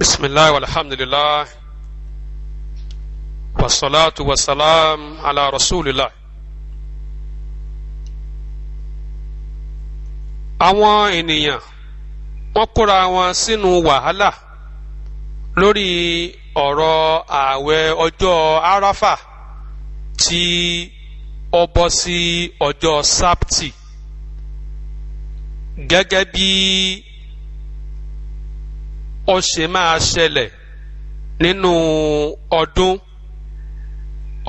بسم الله والحمد لله والصلاة والسلام على رسول الله àwọn ènìyàn wọ́n kóra wọn sínú wàhálà lórí ọ̀rọ̀ ààwẹ̀ ọjọ́ arafa tí ó bọ́ sí ọjọ́ sábtì gẹ́gẹ́ bíi ó ṣe máa ṣẹlẹ̀ nínú ọdún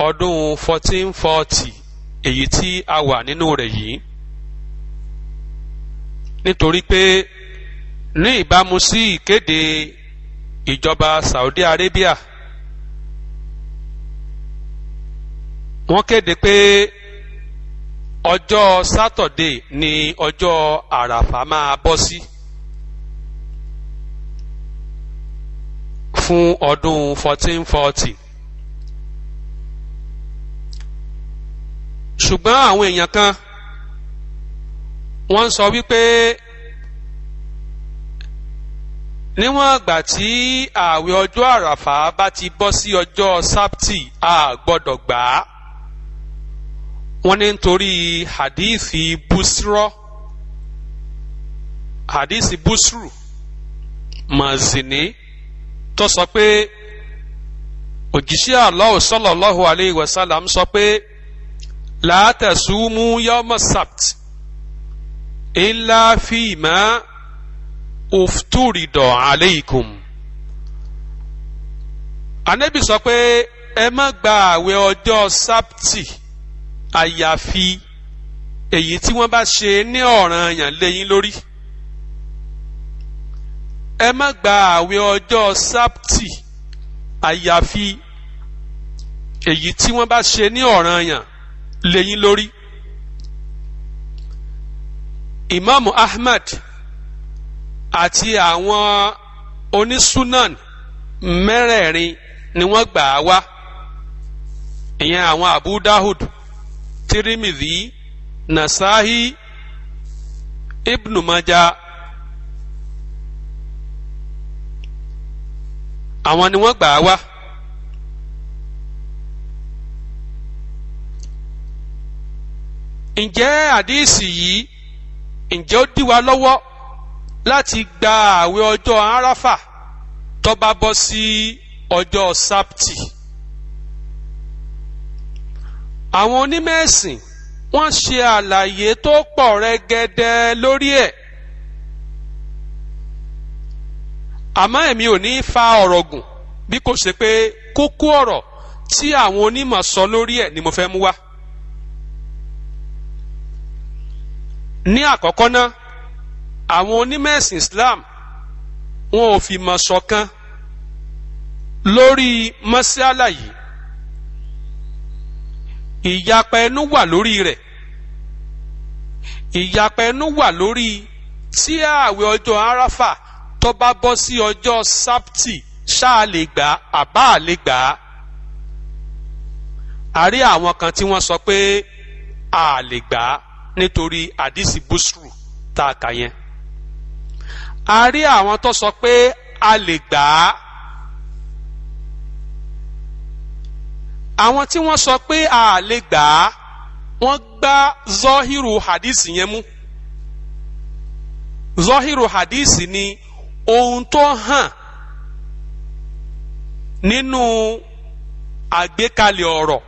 ọdún fourteen forty èyí tí a wà nínú rẹ̀ yìí nítorí pé ní ìbámu sí ìkéde ìjọba Saudi Arabia wọ́n kéde pé ọjọ́ sátọ̀dé ni ọjọ́ àràfà máa bọ́ sí. Si fún ọdún fourteen forty. ṣùgbọ́n àwọn èèyàn kan wọ́n sọ wípé níwọ̀n àgbà tí ààwẹ̀ ọjọ́ àràfà bá ti bọ́ sí ọjọ́ sábtì a gbọ́dọ̀ gbà á wọ́n ní nítorí hadithi busro hadithi busru mazini tó sọ pé òjíṣẹ́ Allah sallallahu alayhi wa sallam sọ pé la tasumu yawma sabt illa fima ufturida alaykum. Ànábì sọ pé ẹ má gba àwẹ̀ ọjọ́ sábtì àyàfi èyí tí wọ́n bá ṣe ní ọ̀ranyàn lé lórí ẹ má gba àwẹ̀ ọjọ́ sábtì àyàfi èyí tí wọ́n bá ṣe ní ọ̀ranyàn lẹ́yìn lórí. Imam Ahmad àti àwọn onísúnan mẹ́rẹ̀ẹ̀rin ni wọ́n gbà á wá ìyẹn àwọn Abu Dahud Tirimidhi Nasahi Ibn Majah àwọn ni wọ́n gbà á wá. ǹjẹ́ àdíìsì yìí ǹjẹ́ ó dí wa lọ́wọ́ láti gba àwẹ̀ ọjọ́ aráfà tó bá bọ́ sí ọjọ́ sábtì. àwọn onímọ̀ ẹ̀sìn wọ́n ṣe àlàyé tó pọ̀ rẹ́gẹ́dẹ́ lórí ẹ̀. E àmọ́ èmi ò ní fa ọ̀rọ̀ gùn bí kò ṣe pé kókó ọ̀rọ̀ tí àwọn onímọ̀ sọ lórí ẹ̀ ni mo fẹ́ mú wá. ní àkọ́kọ́ ná àwọn onímọ̀ ẹ̀sìn Islam wọn ò fi mọ̀ ṣọ̀kan lórí mọ́sálà yìí ìyapa ẹnu wà lórí rẹ̀ ìyapa ẹnu wà lórí tí ààwẹ̀ ọjọ́ Arafa tó bá bọ́ sí ọjọ́ sábtì ṣáà lè gbà àbá lè gbà á àrí àwọn kan tí wọ́n sọ pé a lè gbà á nítorí àdìsí búṣrù tá a kà yẹn àrí àwọn tó sọ pé a lè gbà á àwọn tí wọ́n sọ pé a lè gbà á wọ́n gbá zọ́hírù hadisi yẹn mú zọ́hírù hadisi ni ohun tó hàn nínú àgbékalẹ̀ ọ̀rọ̀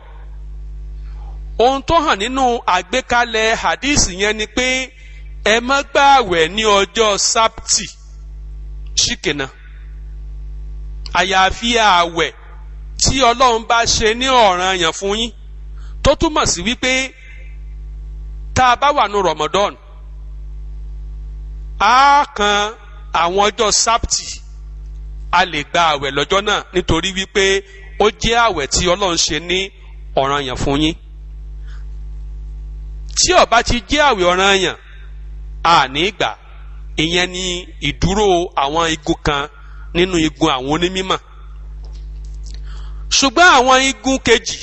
ohun tó hàn nínú àgbékalẹ̀ hadith yẹn ni pé ẹ má gbààwẹ̀ ní ọjọ́ sábtì ṣìkìnà àyàfi ààwẹ̀ tí ọlọ́run bá ṣe ní ọ̀ràn yàn fún yín tó túmọ̀ sí wípé tá a bá wà ní Ramadan. a kan àwọn ọjọ́ sábtì a lè gba àwẹ̀ lọ́jọ́ náà nítorí wípé ó jẹ́ àwẹ̀ tí ọlọ́run ṣe ní ọ̀ranyàn fún yín tí ó bá ti jẹ́ àwẹ̀ ọ̀ranyàn a ní gbà ìyẹn ni ìdúró àwọn igun kan nínú igun àwọn onímímọ̀ ṣùgbọ́n àwọn igun kejì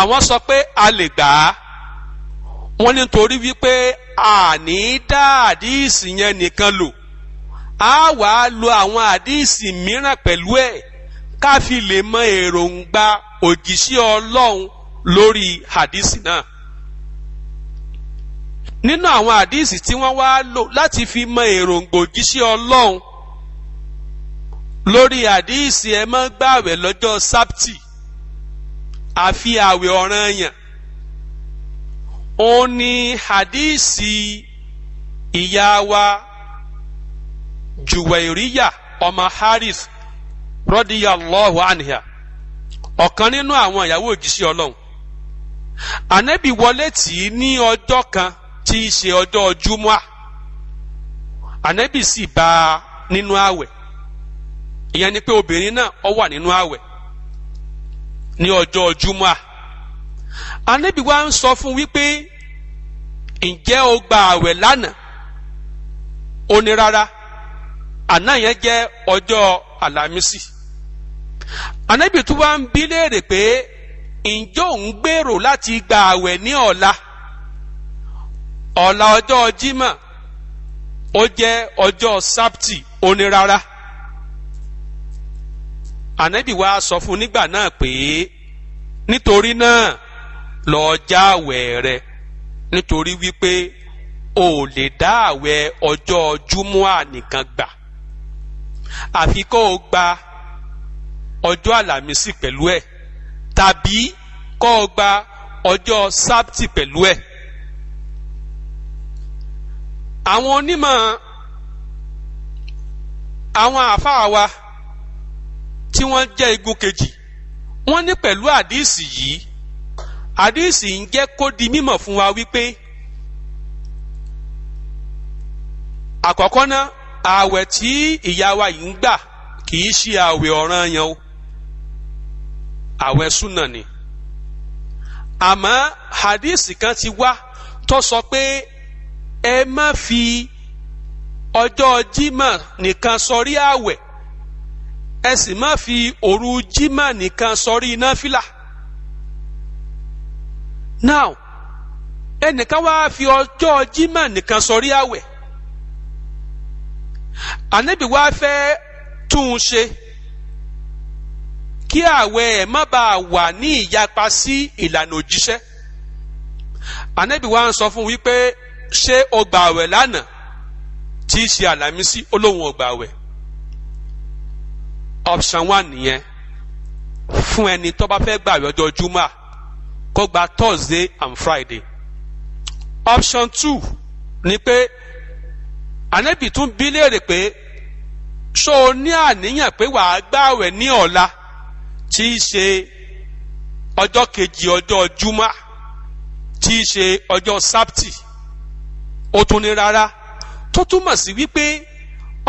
àwọn sọ pé a lè gbà á wọ́n nítorí wípé a ní dá yẹn nìkan lò a wàá lo àwọn àdíìsì mìíràn pẹ̀lú ẹ̀ ká fi lè mọ èròǹgbà òjíṣẹ́ ọlọ́run lórí àdíìsì náà nínú àwọn àdíìsì tí wọ́n wá lò láti fi mọ èròǹgbà òjíṣẹ́ ọlọ́run lórí àdíìsì ẹ máa gbààwẹ̀ lọ́jọ́ sábtì àfi àwẹ̀ ọ̀ranyàn òun ni àdíìsì ìyá wa juwairiya ọmọ haris radiyallahu anha ọ̀kan nínú àwọn ìyàwó òjíṣẹ́ ọlọ́run ànábì wọlé tì í ní ọjọ́ kan tí í ṣe ọjọ́ júmọ́à ànábì sì bá a nínú ààwẹ̀ ìyẹn ni pé obìnrin náà ó wà nínú ààwẹ̀ ní ọjọ́ júmọ́à ànábì wa ń sọ fún wípé ǹjẹ́ o gba ààwẹ̀ lánàá ó ní rárá àná yẹn jẹ ọjọ àlàmísì ànábì tún wá ń bi léèrè pé ǹjọ́ ń gbèrò láti gba àwẹ̀ ní ọ̀la ọ̀la ọjọ́ Jímọ̀ ó jẹ́ ọjọ́ sábtì onírara ànábì wa sọ fún nígbà náà pé nítorí náà lọ́ọ́ já àwẹ̀ rẹ nítorí wípé o ò lè dá àwẹ̀ ọjọ́ júmọ́à nìkan gbà. àfi kó o gba ọjọ́ àlàmísì pẹ̀lú ẹ̀ tàbí kó o gba ọjọ́ sábtì pẹ̀lú ẹ̀. àwọn onímọ̀ àwọn àáfàá wa tí wọ́n jẹ́ igun kejì wọ́n ní pẹ̀lú àdíìsì yìí àdíìsì ń jẹ́ kó di mímọ̀ fún wa wípé àkọ́kọ́ náà ààwẹ̀ tí ìyá wa yìí ń gbà kì í ṣe ààwẹ̀ ọ̀ranyàn o ààwẹ̀ súnà ni àmọ́ hadith kan ti wá tó sọ pé ẹ má fi ọjọ́ jimá nìkan sọrí ààwẹ̀ ẹ sì má fi òru jimá nìkan sọrí náfìlà now ẹnìkan wá fi ọjọ́ jimá nìkan sọrí ààwẹ̀ Ane wá fẹ́ tún un ṣe kí ààwẹ̀ ẹ̀ má bàa wà ní ìyapa sí ìlànà òjíṣẹ́ ànábì wá ń sọ fún wípé ṣé o gbà ààwẹ̀ tí í ṣe olóhùn ọgbà ààwẹ̀ option one nìyẹn fún ẹni tó bá fẹ́ gbààwẹ̀ ọjọ́ juma kó gba Thursday and Friday option two ni pé ànábì tún bí léèrè pé ṣó o ní àníyàn pé wàá gbààwẹ̀ ní ọ̀la tí í ṣe ọjọ́ kejì ọjọ́ juma tí í ṣe ọjọ́ sábtì ó tún ní rárá tó túmọ̀ sí wípé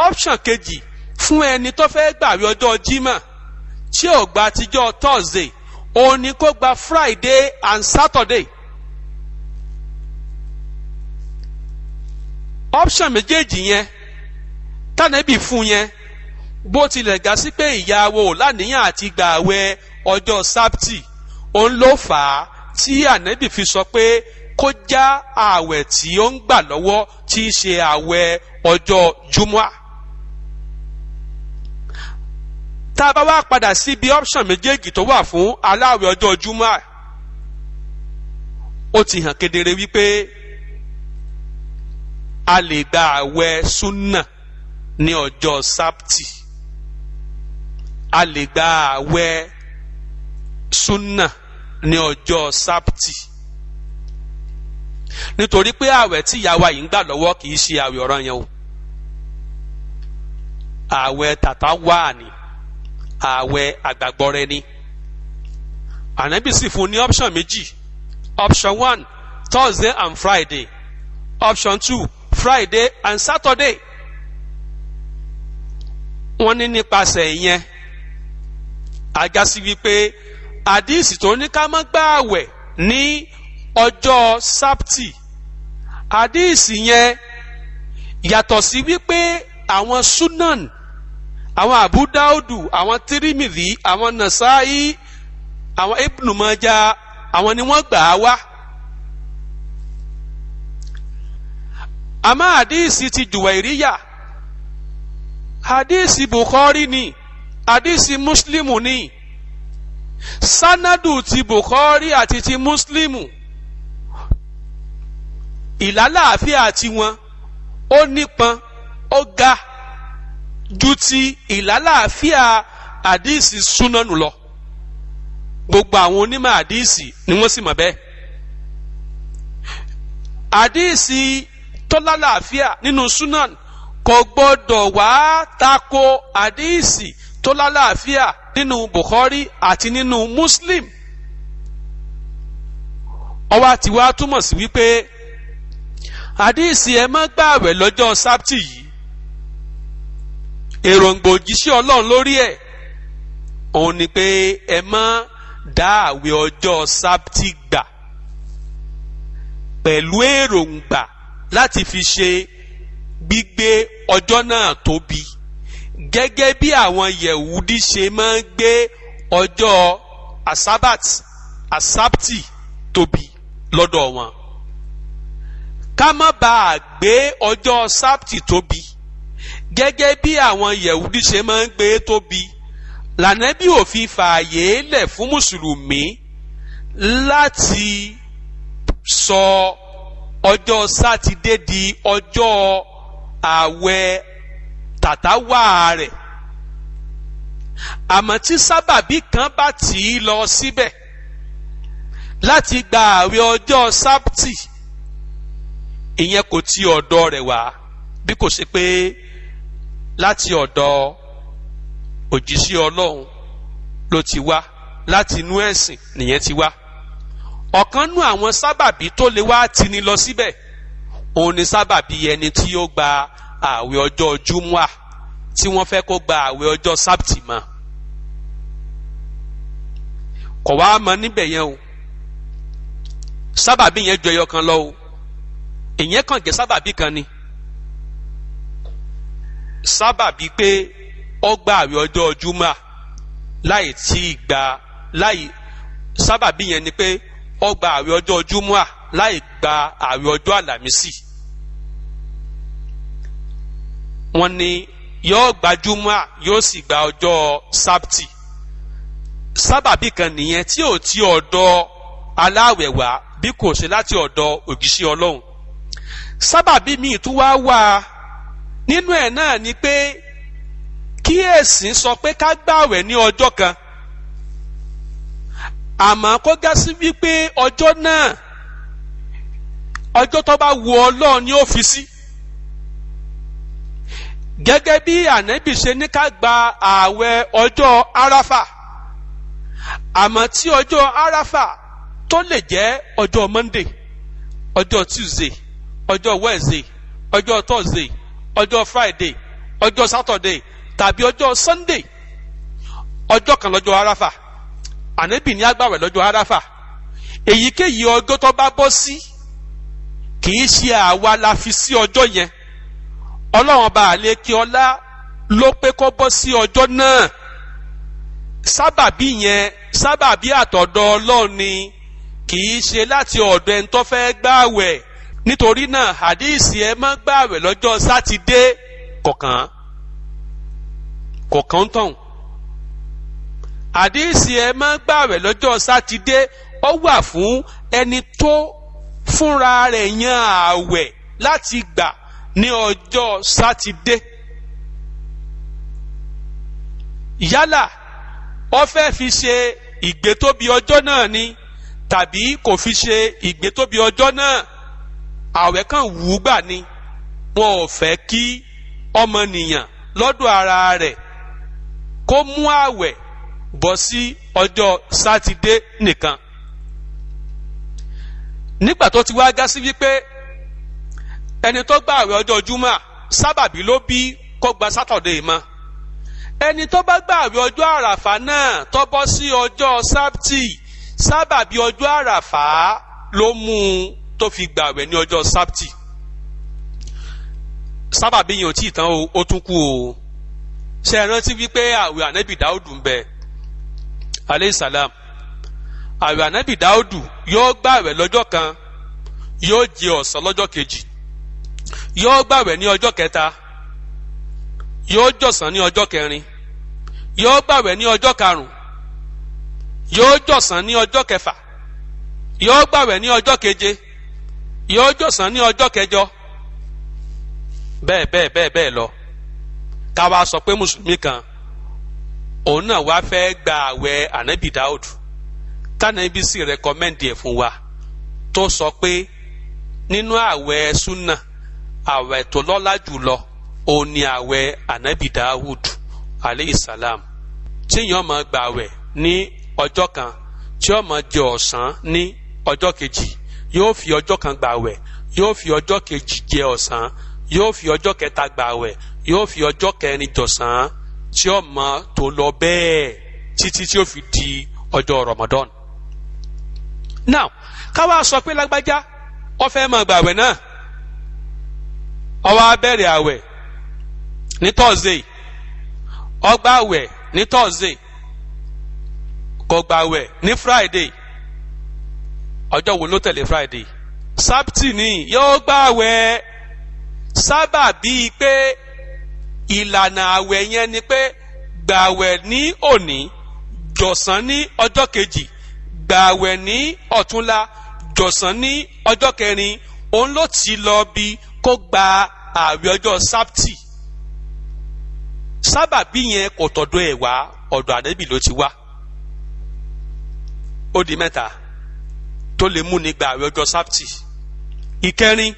option kejì fún ẹni tó fẹ́ gbààwẹ̀ ọjọ́ jimá tí ò gba àtijọ́ thursday òun ni kó gba friday and saturday option méjèèjì yẹn tànẹ́bì fún yẹn bó tilẹ̀ ga sí pé ìyàwó lánìyàn àti gbààwẹ̀ ọjọ́ sábtì òun ló fà á tí ànẹ́bì fi sọ pé kó já ààwẹ̀ tí ó ń gbà lọ́wọ́ tí í ṣe ààwẹ̀ ọjọ́ jumua. tá a bá wá padà sí ibi option méjèèjì tó wà fún aláàwẹ̀ ọjọ́ jumua ó ti hàn kedere wípé a lè gba àwẹ̀ súnà ní ọjọ́ sábtì a lè gba àwẹ̀ súnà ní ọjọ́ sábtì nítorí pé àwẹ̀ tí ìyàwó yìí ń gbà lọ́wọ́ kì í ṣe àwẹ̀ ọ̀ranyàn o àwẹ̀ tàtà wà ní àwẹ̀ àgbàgbọ́rẹ ni ànábì sì fún ní option méjì option one thursday and friday option two Friday and Saturday wọ́n ní nípasẹ̀ ìyẹn àgásí wípé àdíìsì tó ní ká má gbààwẹ̀ ní ọjọ́ sábtì àdíìsì yẹn yàtọ̀ sí wípé àwọn sunan àwọn abudaudu, Daudu àwọn Tirimidhi àwọn Nasai àwọn Ibn Majah àwọn ni wọ́n gbà á wá. àmọ́ àdíìsì ti jùwẹ̀ríyà àdíìsì bukhari ni àdíìsì muslimu ni sanadu ti bukhari àti ti muslimu ìlàlàáfíà tiwọn ó nípọn ó ga ju ti ìlàlàáfíà àdíìsì súnánù lọ gbogbo àwọn onímọ̀ àdíìsì ni wọ́n sì mọ̀ bẹ́ẹ̀ àdíìsì tó lálàáfíà nínú sunan kò gbọ́dọ̀ wá tako àdéhìsì tó lálàáfíà nínú bukhari àti nínú muslim ọwọ́ àti wá túmọ̀ sí wípé àdéhìsì ẹ má gbààwẹ̀ lọ́jọ́ sábtì yìí èròǹgbò òjíṣẹ́ ọlọ́run lórí ẹ̀ òun ni pé ẹ má dá àwẹ̀ ọjọ́ sábtì gbà pẹ̀lú èròǹgbà láti fi ṣe gbígbé ọjọ́ náà tóbi gẹ́gẹ́ bí àwọn yẹ̀wúdí ṣe máa ń gbé ọjọ́ asabat asabti tóbi lọ́dọ̀ wọn ká má bàa gbé ọjọ́ sábtì tóbi gẹ́gẹ́ bí àwọn yẹ̀wúdí ṣe máa ń gbé tóbi lànàbí òfin fààyè lẹ̀ fún mùsùlùmí láti sọ. So, ọjọ́ sátidé di ọjọ́ ààwẹ̀ tàtàwá rẹ̀ àmọ́ tí sábàbí kan bá tì í lọ síbẹ̀ láti gba ààwẹ̀ ọjọ́ sábtì ìyẹn kò ti ọ̀dọ̀ rẹ̀ wá bí kò sí pé láti ọ̀dọ̀ òjíṣẹ́ ọlọ́run ló ti wá láti inú ẹ̀sìn nìyẹn ti wá ọ̀kan nú àwọn sábàbí tó lè wá tini lọ síbẹ̀ òun ni sábàbí ẹni tí ó gba ààwẹ̀ ọjọ́ júmọ́à tí wọ́n fẹ́ kó gba ààwẹ̀ ọjọ́ sábtì mọ́ kò wá mọ níbẹ̀ yẹn o sábàbí yẹn ju ẹyọ kan lọ o ìyẹn kàn jẹ́ sábàbí kan ni sábàbí pé ó gba ààwẹ̀ ọjọ́ júmọ́à láì tí ì gba láì sábàbí yẹn ni pé ó gba àwẹ̀ ọjọ́ júmọ́à láì gba àwẹ̀ ọjọ́ àlàmísì wọ́n ní yóò gba júmọ́à yóò sì gba ọjọ́ sábtì sábàbí kan nìyẹn tí ò ti ọ̀dọ̀ aláwẹ̀ wá bí kò ṣe láti ọ̀dọ̀ ògìṣẹ́ ọlọ́run sábàbí míì tún wá wá nínú ẹ̀ náà ni pé kí sọ pé ká gbàwẹ̀ ní ọjọ́ kan àmọ́ kó gá sí wípé ọjọ́ náà ọjọ́ tó bá wù Ọlọ́run ni ó fi sí gẹ́gẹ́ bí ànábì ṣe ní ká gba ààwẹ̀ ọjọ́ Arafa àmọ́ tí ọjọ́ Arafa tó lè jẹ́ ọjọ́ Monday ọjọ́ Tuesday ọjọ́ Wednesday ọjọ́ Thursday ọjọ́ Friday ọjọ́ Saturday tàbí ọjọ́ Sunday ọjọ́ kan lọ́jọ́ Arafa ànábì ní agbáwẹ̀ lọ́jọ́ aráfà èyíkéyìí ọjọ́ tó bá bọ́ sí kì í ṣe àwa la fi sí ọjọ́ yẹn ọlọ́run bá àlékè ọlá ló pé kó bọ́ sí ọjọ́ náà sábàbí yẹn sábàbí àtọ̀dọ̀ ọlọ́run ni kì í ṣe láti ọ̀dọ̀ ẹni tó fẹ́ gbààwẹ̀ nítorí náà hadisi ẹ máa gbààwẹ̀ lọ́jọ́ sátidé kọ̀ọ̀kan kọ̀ọ̀kan tọ̀hún àdéhìsì ẹ máa ń gbààwẹ̀ lọ́jọ́ sátidé ó wà fún ẹni tó fúnra rẹ̀ yan ààwẹ̀ láti gbà ní ọjọ́ sátidé yálà ó fẹ́ fi ṣe ìgbétóbi ọjọ́ náà ni tàbí kò fi ṣe ìgbétóbi ọjọ́ náà ààwẹ̀ kan wù ú gbà ni wọn ò fẹ́ kí ọmọnìyàn lọ́dọ̀ ara rẹ̀ kó mú ààwẹ̀ bọ́ sí ọjọ́ sátidé nìkan nígbà tó ti wá gá sí wípé ẹni tó gba àwẹ̀ ọjọ́ júmọ́ sábàbí ló bí kó gba sátọ̀dé mọ́ ẹni tó bá gba àwẹ̀ ọjọ́ àràfà náà tó bọ́ sí ọjọ́ sábtì sábàbí ọjọ́ àràfà ló mú un tó fi gba àwẹ̀ ní ọjọ́ sábtì sábàbí yẹn ò tí ì tán o ó tún kú o ṣe é rántí wípé àwẹ̀ ànẹ́bì dáúdù ń bẹ́ẹ̀ aleyhisalaam àwẹ̀ anabi daudu yóò gbàwẹ̀ lọ́jọ́ kan yóò jẹ ọ̀sán lọ́jọ́ kejì yóò gbàwẹ̀ ní ọjọ́ kẹta yóò jọ̀sán ní ọjọ́ kẹrin yóò gbàwẹ̀ ní ọjọ́ karùn yóò jọ̀sán ní ọjọ́ kẹfà yóò gbàwẹ̀ ní ọjọ́ keje yóò jọ̀sán ní ọjọ́ kẹjọ bẹ́ẹ̀ bẹ́ẹ̀ bẹ́ẹ̀ bẹ́ẹ̀ lọ ká sọ pé mùsùlùmí kan òun náà wá fẹ́ gba àwẹ̀ ànábì Dáúd tànàbí sì rẹkọmẹ́ǹdì ẹ̀ fún wa tó sọ pé nínú àwẹ̀ súnà àwẹ̀ tó lọ́lá jùlọ òun ni àwẹ̀ ànábì Dáúd aleyhisalaam tíyàn máa gba àwẹ̀ ní ọjọ́ kan tí ó máa jẹ ọ̀sán ní ọjọ́ kejì yóò fi ọjọ́ kan gba yóò fi ọjọ́ kejì jẹ ọ̀sán yóò fi ọjọ́ kẹta gba tí ó máa tó lọ bẹ́ẹ̀ títí tí ó fi di ọjọ́ Ramadan. now káwá sọ pé lágbájá ó fẹ́ máa gbàwẹ̀ náà ó wá bẹ̀rẹ̀ àwẹ̀ ní Thursday ó gbàwẹ̀ ní Thursday kò gbàwẹ̀ ní Friday ọjọ́ wo ló tẹ̀lé Friday sábtì ni yóò gbàwẹ̀ sábà bíi pé ìlànà àwẹ̀ yẹn ni pé gbàwẹ̀ ní òní jọ̀sán ní ọjọ́ kejì gbàwẹ̀ ní ọ̀túnla jọ̀sán ní ọjọ́ kẹrin òun ló ti lọ bí kó gba àwẹ̀ ọjọ́ sábtì sábàbí yẹn kò tọ̀dọ̀ ẹ̀ wá ọ̀dọ̀ àdébì ló ti wá ó di mẹ́ta tó lè mú ni gba ọjọ́ sábtì ìkẹrin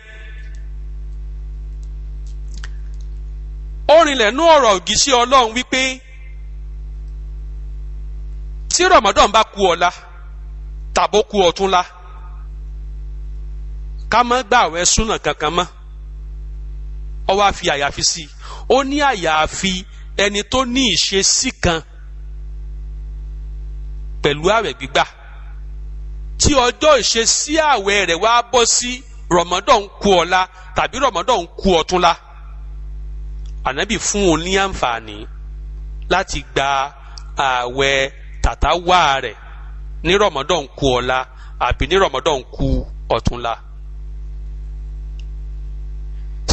ó rinlẹ̀ nú ọ̀rọ̀ ògìsí ọlọ́run wípé tí Ramadan bá ku ọ̀la tàbó ku ọ̀túnla ká má gbààwẹ̀ súnà kankan mọ́ ó wá fi àyàfi sí i ó ní àyàfi ẹni tó ní ìṣesí kan pẹ̀lú ààwẹ̀ gbígbà tí ọjọ́ ìṣesí ààwẹ̀ rẹ̀ wá bọ́ sí Ramadan ku ọ̀la tàbí Ramadan ku ọ̀túnla ànábì fún òun ní àǹfààní láti gba ààwẹ̀ tàtàwá rẹ̀ ní rọ̀mọ́dọ̀n kù ọ̀la àbí ní rọ̀mọ́dọ̀n kù ọ̀túnla.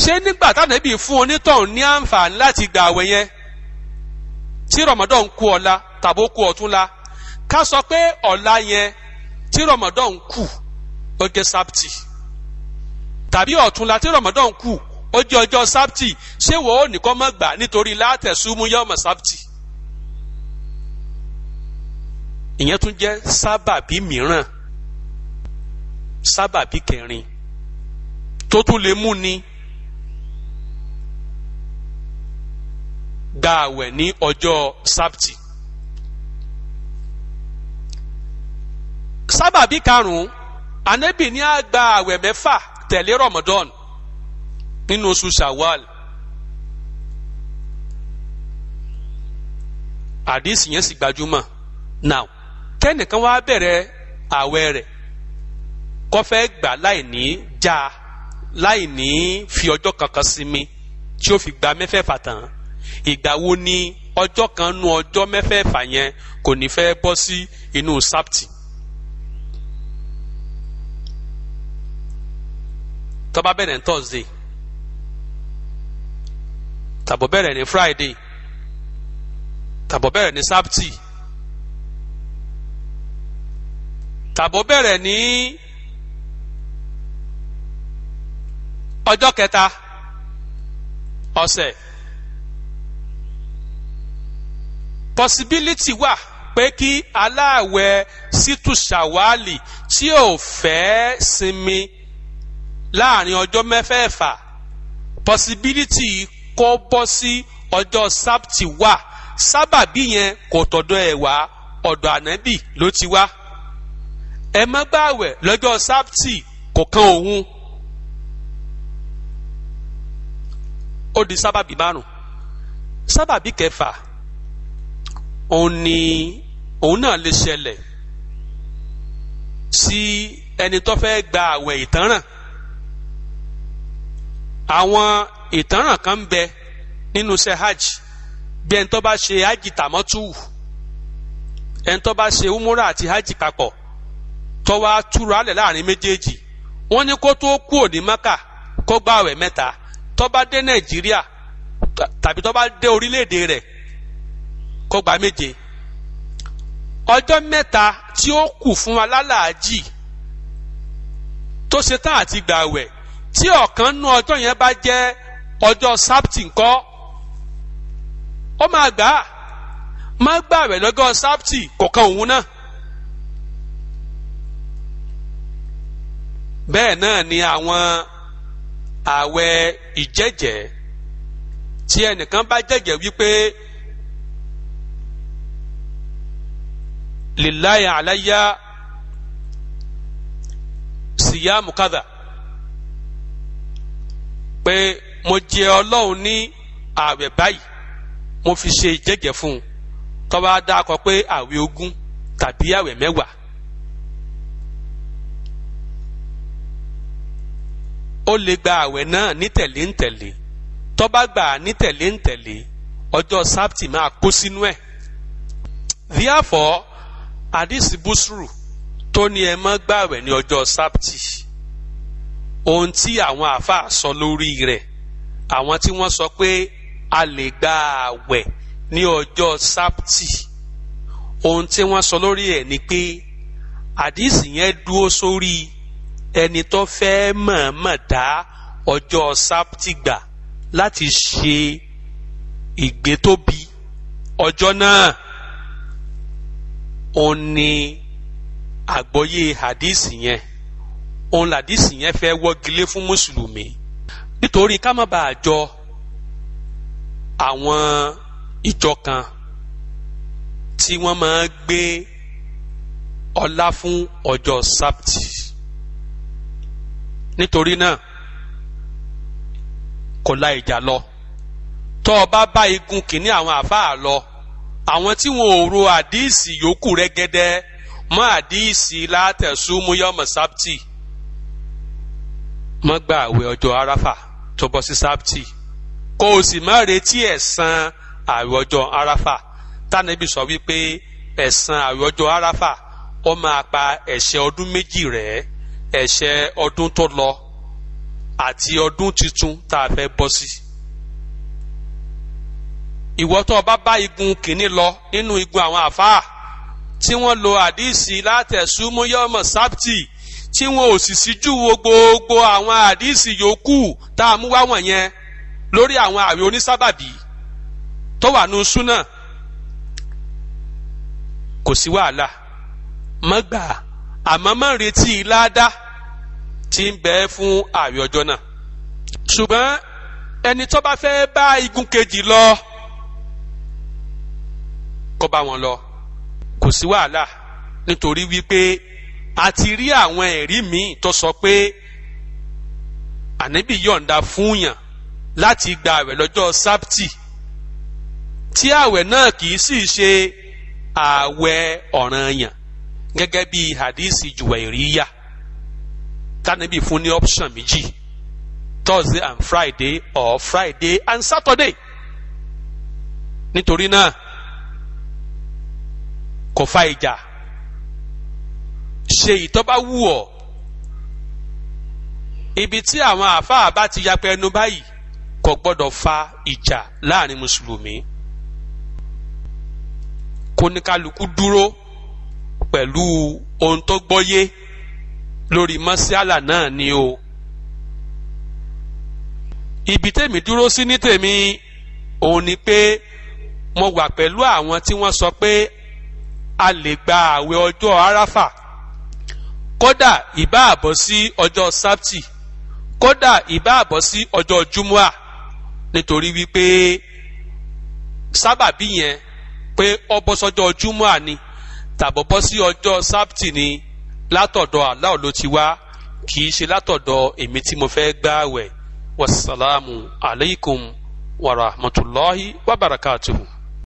ṣé nígbà tànábì fún onítọ̀hún ní àǹfààní láti gba ààwẹ̀ yẹn tí rọ̀mọ́dọ̀n kù ọ̀la tàbó kù ọ̀túnla ká sọ pé ọ̀la yẹn tí rọ̀mọ́dọ̀n kù ó sábtì tàbí ọ̀túnla tí rọ̀mọ́dọ̀n kù ó jẹ́ ọjọ́ sábtì ṣé wọ́n ò ní kọ́ mọ́ gbà nítorí látẹ̀súmú yọ̀mọ̀ sábtì ìyẹn tún jẹ́ sábàbí mìíràn sábàbí kẹrin tó tún lè mú ni gba àwẹ̀ ní ọjọ́ sábtì sábàbí karùn-ún anẹ́bì ní a gba àwẹ̀ mẹ́fà tẹ̀lé rọ̀mọ́dọ́nù nínú oṣù Shawwal àdìsí yẹn sì gbajúmọ̀ now kẹ́nìkan wá bẹ̀rẹ̀ ààwẹ̀ rẹ̀ kó fẹ́ gbà láì ní já láì ní fi ọjọ́ kankan sinmi tí ó fi gba mẹ́fẹ̀ẹ̀fà tán ìgbà wo ni ọjọ́ kan nu ọjọ́ mẹ́fẹ̀ẹ̀fà yẹn kò ní fẹ́ bọ́ sí inú sábtì tó bá bẹ̀rẹ̀ ní tọ́sídẹ̀ẹ́ tàbọ̀ bẹ̀rẹ̀ ní friday tàbọ̀ bẹ̀rẹ̀ ní sábtì tàbọ̀ bẹ̀rẹ̀ ní ọjọ́ kẹta ọ̀sẹ̀ possibility wà pé kí aláàwẹ̀ sítú ṣàwálì tí ò fẹ́ sinmi láàrin ọjọ́ mẹ́fẹ̀ẹ̀fà possibility kó bọ́ sí ọjọ́ sábtì wà sábàbí yẹn kò tọ̀dọ̀ ẹ̀ wá ọ̀dọ̀ ànábì ló ti wá ẹ má gbààwẹ̀ lọ́jọ́ sábtì kò kan òun ó di sábàbí márùn sábàbí kẹfà òun ni òun náà lè ṣẹlẹ̀ sí ẹni tó fẹ́ gba àwẹ̀ ìtanràn àwọn ìtanràn kan ń bẹ nínú iṣẹ́ hajj bí ẹni tó bá ṣe hajj tàmọ́tù ẹni tó bá ṣe umura àti hajj papọ̀ tó wá túra lẹ̀ láàrin méjèèjì wọ́n ní kó tó kú òní maka kó gba àwẹ̀ mẹ́ta tó bá dé nàìjíríà tàbí tó bá dé orílẹ̀-èdè rẹ̀ kó gba méje ọjọ́ mẹ́ta tí ó kù fún alálàájì tó ṣe tán àti gbààwẹ̀ tí ọ̀kan nú ọjọ́ yẹn bá jẹ́ ọjọ́ sábtì ńkọ́ ó máa gbà á má gbà rẹ̀ lọ́jọ́ sábtì kọ̀ọ̀kan òun náà. bẹ́ẹ̀ náà ni àwọn ààwẹ̀ ìjẹ́jẹ́ tí ẹnìkan bá jẹ́jẹ́ wípé lillahi alayya siyamu kadha pé mo jẹ ọlọ́run ní ààwẹ̀ báyìí mo fi ṣe ìjẹ́jẹ́ fún un tó bá dákọ pé ààwẹ̀ ogún tàbí ààwẹ̀ mẹ́wàá. ó lè gba ààwẹ̀ náà ní tẹ̀lé ń tẹ̀lé tó gbà á ní tẹ̀lé ń tẹ̀lé ọjọ́ sábtì máa kó sínú ẹ̀. therefore àdìsí búsùrù tó ní ẹ má gbààwẹ̀ ní ọjọ́ sábtì ohun tí àwọn àáfàá sọ lórí rẹ̀ àwọn tí wọ́n sọ pé a lè gba àwẹ̀ ní ọjọ́ sábtì ohun tí wọ́n sọ lórí ẹ̀ ni pé àdìsí yẹn dúró sórí ẹni tó fẹ́ mọ̀ọ́mọ̀ dá ọjọ́ sábtì gbà láti ṣe ìgbétóbi ọjọ́ náà òun ni àgbọ́yé àdìsí yẹn òun làdìsí yẹn fẹ́ wọ́gilé fún mùsùlùmí nítorí ká má bàa jọ àwọn ìjọ kan tí wọ́n máa gbé ọlá fún ọjọ́ sábtì nítorí náà kò la ìjà lọ tó o bá bá igun kìíní àwọn àfáà lọ àwọn tí wọn ò ro àdíìsì yòókù rẹ́gẹ́dẹ́ mọ́ àdíìsì látẹ̀sùmúyọ́mọ̀ sábtì mọ́ gbààwẹ̀ ọjọ́ aráfà tó bọ́ sí sábtì kó o sì má retí ẹ̀san àwẹ̀ ọjọ́ aráfà tánàbí sọ wípé ẹ̀san àwẹ̀ ọjọ́ aráfà ó máa pa ẹ̀ṣẹ̀ ọdún méjì rẹ̀ ẹ̀ṣẹ̀ ọdún tó lọ àti ọdún tuntun tá a fẹ́ bọ́ sí. ìwọ tó bá bá igun kìíní lọ nínú igun àwọn àfáà tí wọ́n lo àdìsí látẹ̀sùmúyọ́mọ̀ sábtì tí wọn ò sì síjú wo gbogbo àwọn àdíìsì yòókù tá a mú wá wọ̀nyẹn lórí àwọn àwẹ̀ onísábàbí tó wà nù súnà kò sí wàhálà má gbà àmọ́ má retí ládàá tí ń bẹ fún àwẹ̀ ọjọ́ náà ṣùgbọ́n ẹni tó bá fẹ́ bá igun kejì lọ kó bá wọn lọ kò sí wàhálà nítorí wípé a ti rí àwọn ẹ̀rí míì tó sọ pé ànábì yọ̀ǹda fún yàn láti gba àwẹ̀ lọ́jọ́ sábtì tí àwẹ̀ náà kì í sì ṣe àwẹ̀ ọ̀ranyàn gẹ́gẹ́ bí hadisi Juwairiya tánibí fún ní option méjì Thursday and Friday or Friday and Saturday nítorí náà kò fa ìjà ṣe ìtọ́ba wù ọ́ ibi tí àwọn àáfàá bá ti yapẹ ẹnu báyìí kò gbọ́dọ̀ fa ìjà láàrin mùsùlùmí kóníkálukú dúró pẹ̀lú ohun tó gbọ́yé lórí mọ́síálà náà ni o ibi tèmi dúró sí ní tèmi òun ni pé mo wà pẹ̀lú àwọn tí wọ́n sọ pé a lè gba àwẹ̀ ọjọ́ aráfà kódà ìbá àbọ̀ sí ọjọ́ sábtì kódà ìbá àbọ̀ sí ọjọ́ júmọ́à nítorí wípé sábàbí yẹn pé ó bọ́ sọ́jọ́ júmọ́à ni tàbọ̀ bọ́ sí ọjọ́ sábtì ni látọ̀dọ̀ Allah ló ti wá kì í ṣe látọ̀dọ̀ èmi tí mo fẹ́ gbààwẹ̀ wasalaamu aleykum wa rahmatulahi